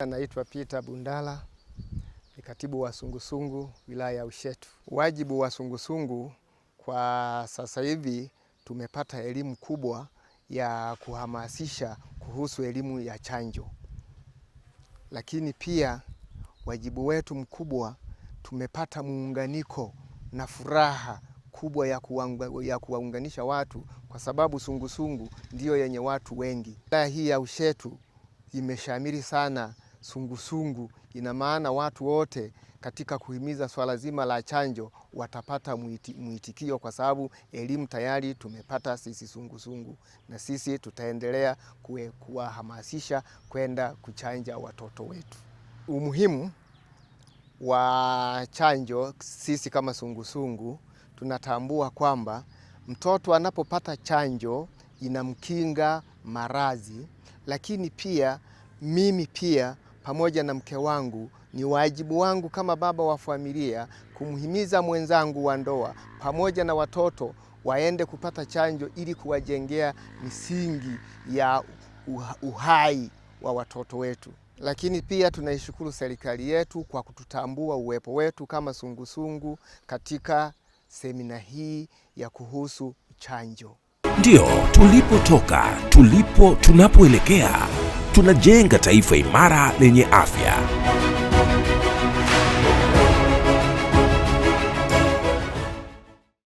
anaitwa Peter Bundala ni katibu wa sungusungu wilaya ya Ushetu. Wajibu wa sungusungu kwa sasa hivi tumepata elimu kubwa ya kuhamasisha kuhusu elimu ya chanjo, lakini pia wajibu wetu mkubwa tumepata muunganiko na furaha kubwa ya, kuwanga, ya kuwaunganisha watu kwa sababu sungusungu ndiyo yenye watu wengi. Wilaya hii ya Ushetu imeshamiri sana sungusungu, ina maana watu wote katika kuhimiza swala zima la chanjo watapata mwitikio kwa sababu elimu tayari tumepata sisi sungusungu, na sisi tutaendelea kuwahamasisha kwenda kuchanja watoto wetu. Umuhimu wa chanjo, sisi kama sungusungu tunatambua kwamba mtoto anapopata chanjo inamkinga maradhi, lakini pia mimi pia pamoja na mke wangu, ni wajibu wangu kama baba wa familia kumhimiza mwenzangu wa ndoa pamoja na watoto waende kupata chanjo ili kuwajengea misingi ya uhai wa watoto wetu. Lakini pia tunaishukuru serikali yetu kwa kututambua uwepo wetu kama sungusungu katika semina hii ya kuhusu chanjo. Ndio tulipotoka, tulipo, tunapoelekea tunajenga taifa imara lenye afya.